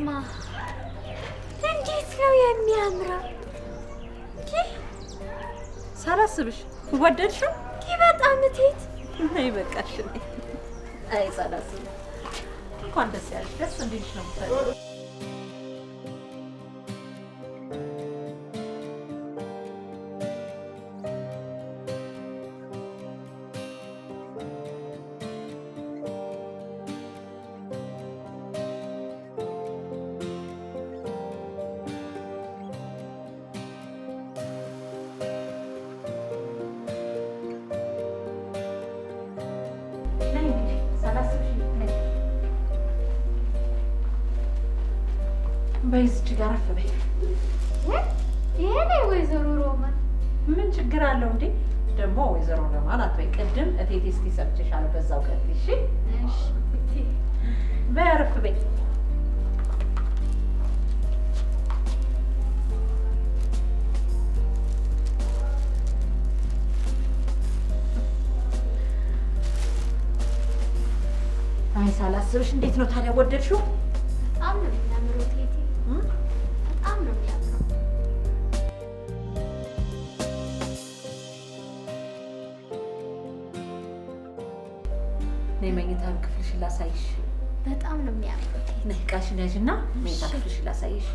ስማ፣ እንዴት ነው የሚያምረው! ሳላስብሽ ወደድሽው? በጣም እቴት ነይ፣ በቃሽ። አይ ሳላስብ እንኳን ደስ ያለሽ። ደስ እንዴት ነው ጋር አፈበይ ይሄ ነው ወይዘሮ ሮማ ምን ችግር አለው እንዴ? ደግሞ ወይዘሮ ሮማ አትበይ። ቅድም እቴቴ እስኪ ሰምቼሻለሁ። በዛው ቀጥ እሺ፣ በይ አረፍ አይ ሳላስብሽ እንዴት ነው ታዲያ ወደድሽው? ክፍልሽ ላሳይሽ። በጣም ነው የሚያምር። ነቃሽ ነሽ እና መኝታ ክፍልሽ ላሳይሽ።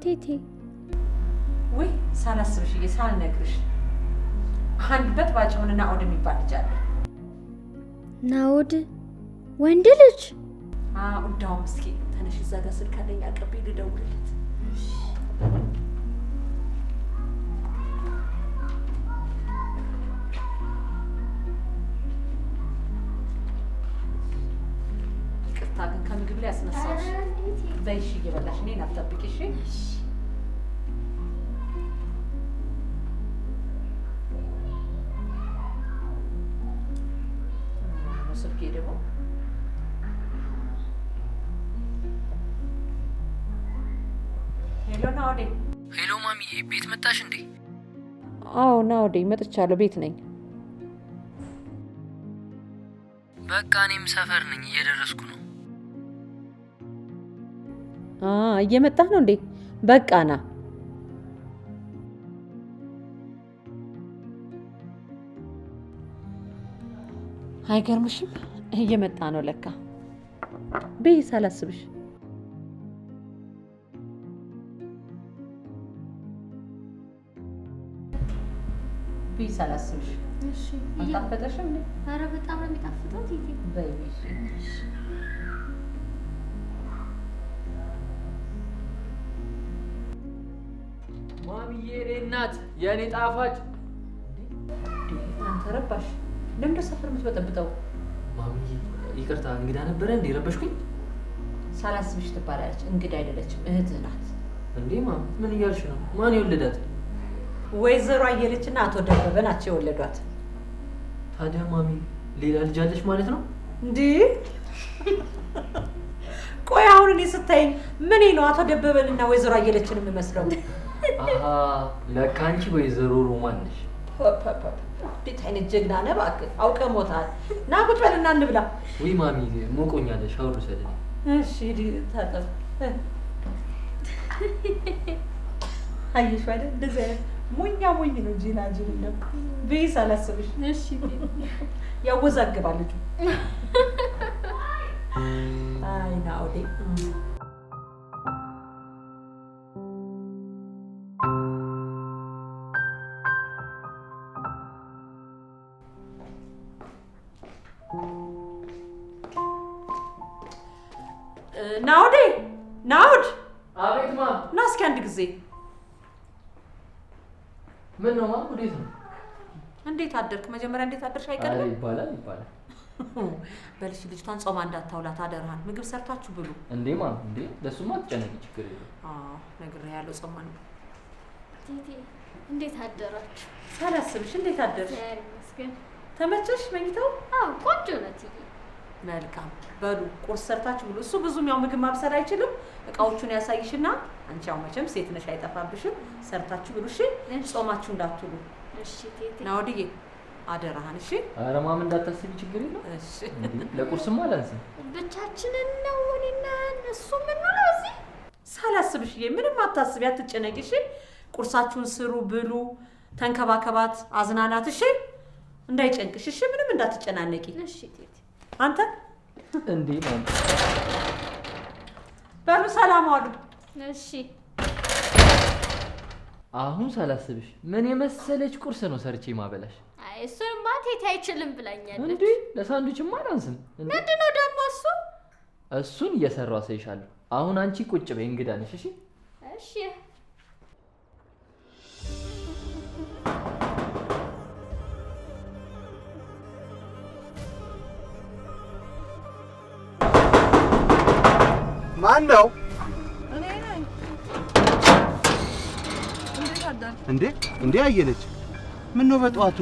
እቴቴ ወይ ሳላስብሽ ሳልነግርሽ አንድ በጥባጭ የሆነ ናኦድ የሚባል ልጅ አለ። ናኦድ ወንድ ልጅ አዎ። እንዳውም እስኪ ተነሽ፣ እዛ ጋር ስልክ አለኝ፣ አቅርቤ ልደውልለት በይሽ እየበላሽ እኔን አትጠብቂሽ። ስልኬ ደግሞ ሄሎ ናውዴ። ሄሎ ማሚዬ፣ ቤት መጣሽ እንዴ? አዎ ናውዴ፣ መጥቻለሁ። ቤት ነኝ። በቃ እኔም ሰፈር ነኝ፣ እየደረስኩ ነው። እየመጣህ ነው እንዴ? በቃ ና። አይገርምሽም? እየመጣ ነው ለካ። ብይ ሳላስብሽ። ብይ ሳላስብሽ። አልጣፈጠሽም? ኧረ በጣም ነው የሚጣፍጠው። ማሚዬ፣ የኔ እናት፣ የኔ ጣፋጭ። አንተ ረባሽ፣ ለምንድን ሰፈር የምትበጠብጠው? ማሚዬ፣ ይቅርታ እንግዳ ነበረ እንዴ ረበሽኩኝ? ሳላስብሽ ትባላለች። እንግዳ አይደለችም፣ እህትህ ናት። እንዴ ማም፣ ምን እያልሽ ነው? ማን የወለዳት? ወይዘሮ አየለች እና አቶ ደበበ ናቸው የወለዷት። ታዲያ ማሚ፣ ሌላ ልጅ አለች ማለት ነው እንዴ? ቆይ አሁን እኔ ስታይኝ ምን ነው አቶ ደበበንና ወይዘሮ አየለችን የምመስለው? ለካ አንቺ ወይዘሮ ሮማን ነሽ። እንዴት አይነት ጀግና ነህ! እባክህ አውቀህ ሞታል። ና ቁጭ በልና እንብላ። ወይ ማሚ ሞቆኛል፣ ሻወር ልውሰድ። እሺ ሂድ ታጠብ። አየሽ አይደል እንደዚህ አይነት ሞኛ ሞኝ ነው ጂና ጂን እንደው ቤስ አላሰብሽ። እሺ ያወዛግባል ልጁ። አይ ናውዴ አደርክ መጀመሪያ እንዴት አደርሽ አይቀርም ይባላል ይባላል። በልሽ ልጅቷን ጾማ እንዳታውላት አደርሃን። ምግብ ሰርታችሁ ብሉ እንዴ ማ እንዴ። ለሱማ አትጨነቂ፣ ችግር የለም። አዎ ያለው ጾማ ነው። ቲቲ እንዴት አደራችሁ? ሳላስብሽ እንዴት አደርሽ? ያስገን ተመቸሽ? መኝተው? ቆንጆ ነው። መልካም። በሉ ቁርስ ሰርታችሁ ብሉ። እሱ ብዙም ያው ምግብ ማብሰል አይችልም። እቃዎቹን ያሳይሽና አንቺ ያው መቼም ሴት ነሽ አይጠፋብሽም። ሰርታችሁ ብሉ እሺ። ጾማችሁ እንዳትሉ ናወድዬ አደራህን። እሺ። ኧረ ማም እንዳታስቢ፣ ችግር የለም። እሺ። ለቁርስም አላንስ ብቻችንን ነው እኔና እሱ የምንውለው እዚህ። ሳላስብሽ ምንም አታስቢ፣ አትጨነቂ። እሺ። ቁርሳችሁን ስሩ፣ ብሉ፣ ተንከባከባት፣ አዝናናት። እሺ። እንዳይጨንቅሽ፣ እሺ። ምንም እንዳትጨናነቂ። እሺ። አንተ እንዴ! ነው በሉ ሰላም አሉ። እሺ አሁን ሳላስብሽ ምን የመሰለች ቁርስ ነው ሰርቼ ማበላሽ። እሱን ማቴት አይችልም ብላኛለች። እንዴ ለሳንዱችማ አላንስም። ምንድን ነው ደግሞ እሱ? እሱን እየሰራሁ አሳይሻለሁ። አሁን አንቺ ቁጭ በይ፣ እንግዳ ነሽ። እሺ እሺ። ማን ነው? እንዴ እንዴ አየለች፣ ምን ነው በጠዋቱ?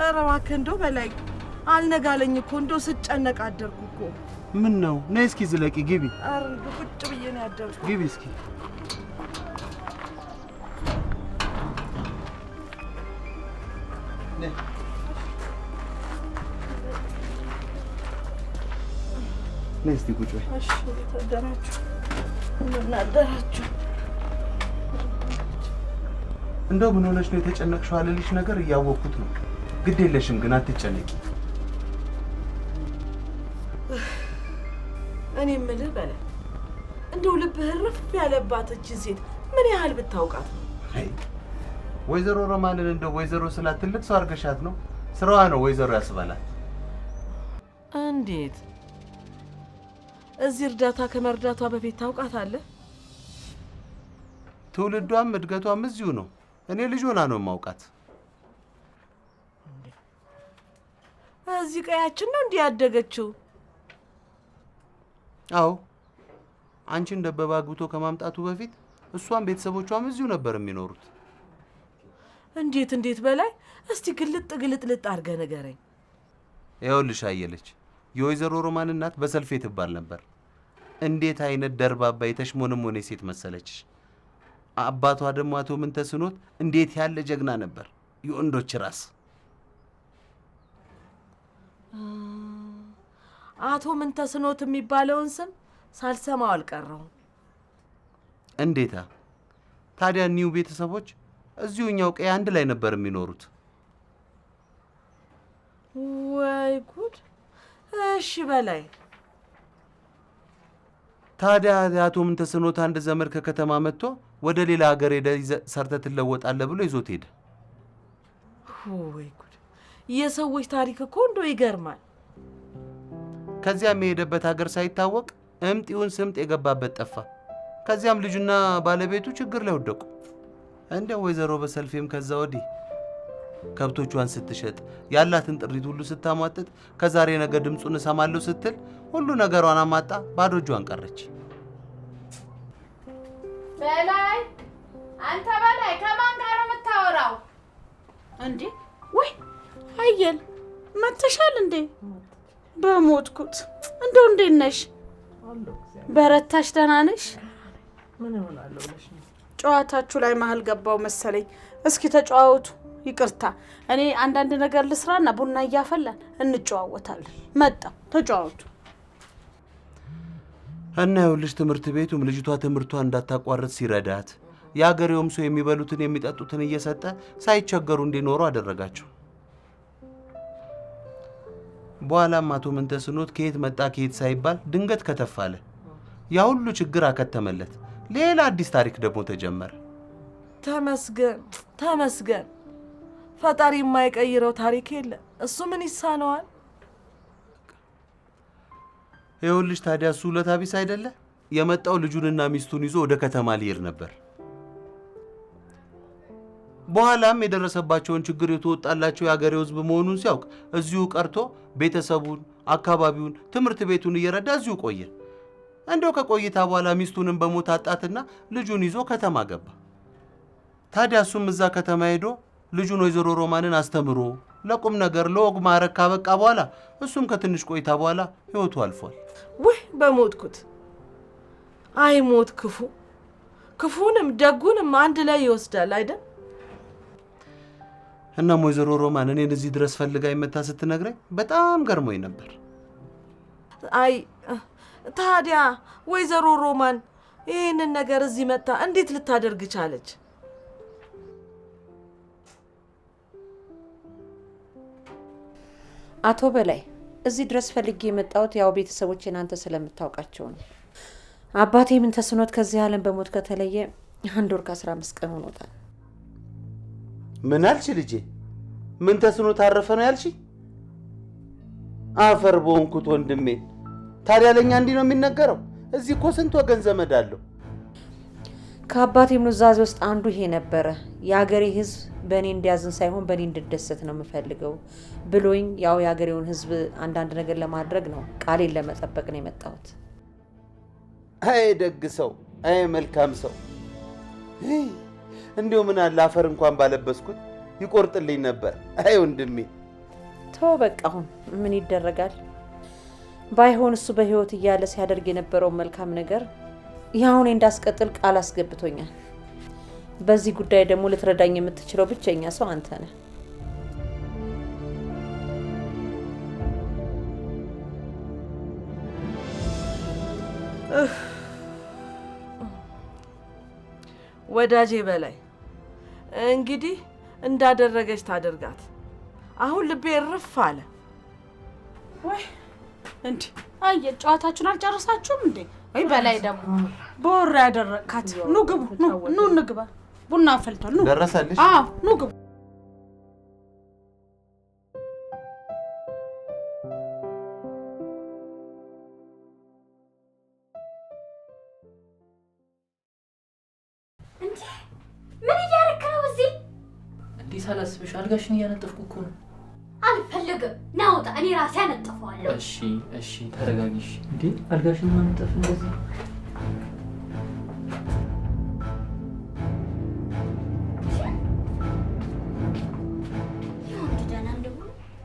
ኧረ እባክህ እንደው በላይ አልነጋለኝ እኮ እንደው ስጨነቅ አደርኩ እኮ። ምን ነው ነይ እስኪ ዝለቂ ግቢ። ኧረ እንደው ቁጭ ብዬ ነው ያደርኩ። ግቢ እስኪ ነይ እስቲ ቁጭ በይ። እሺ ደራችሁ ምን አደራችሁ እንደው ምን ሆነሽ ነው የተጨነቅሽው? አለልሽ ነገር እያወቅኩት ነው። ግድ የለሽም ግን አትጨነቂ። እኔ ምልህ በለ እንደው ልብህ ርፍ ያለባት እችን ሴት ምን ያህል ብታውቃት ነው? ወይዘሮ ሮማንን እንደው ወይዘሮ ስላት ትልቅ ሰው አርገሻት ነው። ስራዋ ነው ወይዘሮ ያስበላል። እንዴት እዚህ እርዳታ ከመርዳቷ በፊት ታውቃታለህ? ትውልዷም እድገቷም እዚሁ ነው። እኔ ልጅ ሆና ነው የማውቃት። እዚህ ቀያችን ነው እንዲህ ያደገችው። አዎ አንቺን ደበባ አግብቶ ከማምጣቱ በፊት እሷም ቤተሰቦቿም እዚሁ ነበር የሚኖሩት። እንዴት እንዴት በላይ እስቲ ግልጥ ግልጥልጥ አድርገህ ንገረኝ። ይኸውልሽ አየለች የወይዘሮ ሮማን እናት በሰልፌ ትባል ነበር። እንዴት አይነት ደርባባ የተሽሞንሞኔ ሴት መሰለችሽ! አባቷ ደግሞ አቶ ምን ተስኖት እንዴት ያለ ጀግና ነበር። የወንዶች ራስ አቶ ምን ተስኖት የሚባለውን ስም ሳልሰማው አልቀረውም። እንዴታ! ታዲያ ኒው ቤተሰቦች እዚሁ እኛው ቀይ አንድ ላይ ነበር የሚኖሩት። ወይ ጉድ! እሺ በላይ ታዲያ አቶ ምን ተስኖት አንድ ዘመድ ከከተማ መጥቶ ወደ ሌላ ሀገር ሄደ ሰርተህ ትለወጣለህ ብሎ ይዞት ሄደ። ወይ ጉድ! የሰዎች ታሪክ እኮ እንዶ ይገርማል። ከዚያም የሄደበት ሀገር ሳይታወቅ እምጢውን ስምጥ የገባበት ጠፋ። ከዚያም ልጁና ባለቤቱ ችግር ላይ ወደቁ። እንዲያው ወይዘሮ በሰልፌም ከዛ ወዲህ ከብቶቿን ስትሸጥ ያላትን ጥሪት ሁሉ ስታሟጥጥ ከዛሬ ነገ ድምፁን እሰማለሁ ስትል ሁሉ ነገሯን አማጣ ባዶ እጇን ቀረች። በላይ አንተ በላይ ከማን ጋር ነው የምታወራው? እንዴ ወይ አየል መተሻል እንዴ? በሞትኩት እንደው እንዴት ነሽ? በረታሽ? ደህና ነሽ? ጨዋታችሁ ላይ መሀል ገባው መሰለኝ። እስኪ ተጨዋወቱ። ይቅርታ እኔ አንዳንድ ነገር ልስራና ቡና እያፈላን እንጨዋወታለን። መጣ ተጨዋወቱ። እና ይኸውልሽ ትምህርት ቤቱም ልጅቷ ትምህርቷ እንዳታቋርጥ ሲረዳት የአገሬውም ሰው የሚበሉትን የሚጠጡትን እየሰጠ ሳይቸገሩ እንዲኖሩ አደረጋቸው። በኋላም አቶ ምንተስኖት ከየት መጣ ከየት ሳይባል ድንገት ከተፋለ ያ ሁሉ ችግር አከተመለት። ሌላ አዲስ ታሪክ ደግሞ ተጀመረ። ተመስገን ተመስገን፣ ፈጣሪ የማይቀይረው ታሪክ የለም። እሱ ምን ይሳነዋል? ይኸውልሽ ታዲያ እሱ ውለታ ቢስ አይደለ? የመጣው ልጁንና ሚስቱን ይዞ ወደ ከተማ ሊሄድ ነበር። በኋላም የደረሰባቸውን ችግር የተወጣላቸው የአገሬው ሕዝብ መሆኑን ሲያውቅ እዚሁ ቀርቶ ቤተሰቡን፣ አካባቢውን፣ ትምህርት ቤቱን እየረዳ እዚሁ ቆየ። እንደው ከቆይታ በኋላ ሚስቱንም በሞት አጣትና ልጁን ይዞ ከተማ ገባ። ታዲያ እሱም እዛ ከተማ ሄዶ ልጁን ወይዘሮ ሮማንን አስተምሮ ለቁም ነገር ለወግ ማዕረግ ካበቃ በኋላ እሱም ከትንሽ ቆይታ በኋላ ህይወቱ አልፏል። ውህ በሞትኩት! አይ ሞት ክፉ ክፉንም ደጉንም አንድ ላይ ይወስዳል አይደል? እናም ወይዘሮ ሮማን እኔን እዚህ ድረስ ፈልጋ ይመታ ስትነግረኝ በጣም ገርሞኝ ነበር። አይ ታዲያ ወይዘሮ ሮማን ይህንን ነገር እዚህ መታ እንዴት ልታደርግ ቻለች? አቶ በላይ እዚህ ድረስ ፈልጌ የመጣሁት ያው ቤተሰቦች እናንተ ስለምታውቃቸው ነው። አባቴ ምን ተስኖት ከዚህ ዓለም በሞት ከተለየ አንድ ወር ከአስራ አምስት ቀን ሆኖታል። ምን አልሽ ልጄ? ምን ተስኖት አረፈ ነው ያልሽ? አፈር በሆንኩት ወንድሜ። ታዲያ ለእኛ እንዲህ ነው የሚነገረው? እዚህ እኮ ስንት ወገን ዘመድ አለሁ ከአባቴም ኑዛዜ ውስጥ አንዱ ይሄ ነበረ። የሀገሬ ህዝብ በእኔ እንዲያዝን ሳይሆን በእኔ እንድደሰት ነው የምፈልገው ብሎኝ፣ ያው የሀገሬውን ህዝብ አንዳንድ ነገር ለማድረግ ነው ቃሌን ለመጠበቅ ነው የመጣሁት። አይ ደግ ሰው፣ አይ መልካም ሰው። እንዲሁ ምን አለ አፈር እንኳን ባለበስኩት ይቆርጥልኝ ነበር። አይ ወንድሜ ተው በቃ፣ አሁን ምን ይደረጋል። ባይሆን እሱ በህይወት እያለ ሲያደርግ የነበረውን መልካም ነገር ያሁኔ እንዳስቀጥል ቃል አስገብቶኛል። በዚህ ጉዳይ ደግሞ ልትረዳኝ የምትችለው ብቸኛ ሰው አንተ ነህ። ወዳጄ በላይ እንግዲህ እንዳደረገች ታደርጋት። አሁን ልቤ እርፍ አለ። ወይ እንዴ! አየ ጨዋታችሁን አልጨርሳችሁም እንዴ? ወይ በላይ ደግሞ በወራ ያደረግካት። ኑ ግቡ፣ ኑ እንግባ። ቡና ፈልቷል። ኑ ደረሰልሽ? አዎ፣ ኑ ግቡ። ምን እያደረክ ነው እዚህ? እንዲህ ሳላስብሽ አልጋሽን እያነጠፍኩ እኮ ነው ቦታ እኔ ራሴ አነጥፈዋለሁ። እሺ፣ እሺ፣ ተረጋጊሽ። እንዴ አልጋሽን ማነጠፍ እንደዚህ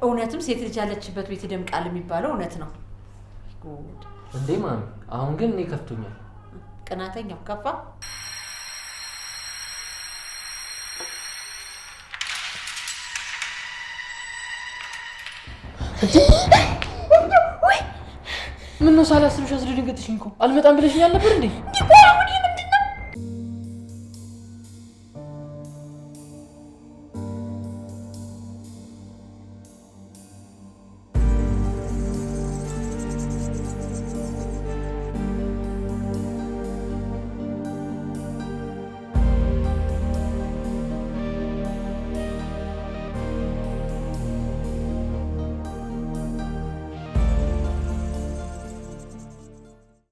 እውነትም ሴት ልጅ ያለችበት ቤት ይደምቃል የሚባለው እውነት ነው። እንዴ ማሚ፣ አሁን ግን እኔ ከፍቶኛል። ቅናተኛው ከፋ ምነው ሳላስብሽ አስደነገጥሽኝ እኮ። አልመጣም ብለሽኝ አልነበር እንዴ?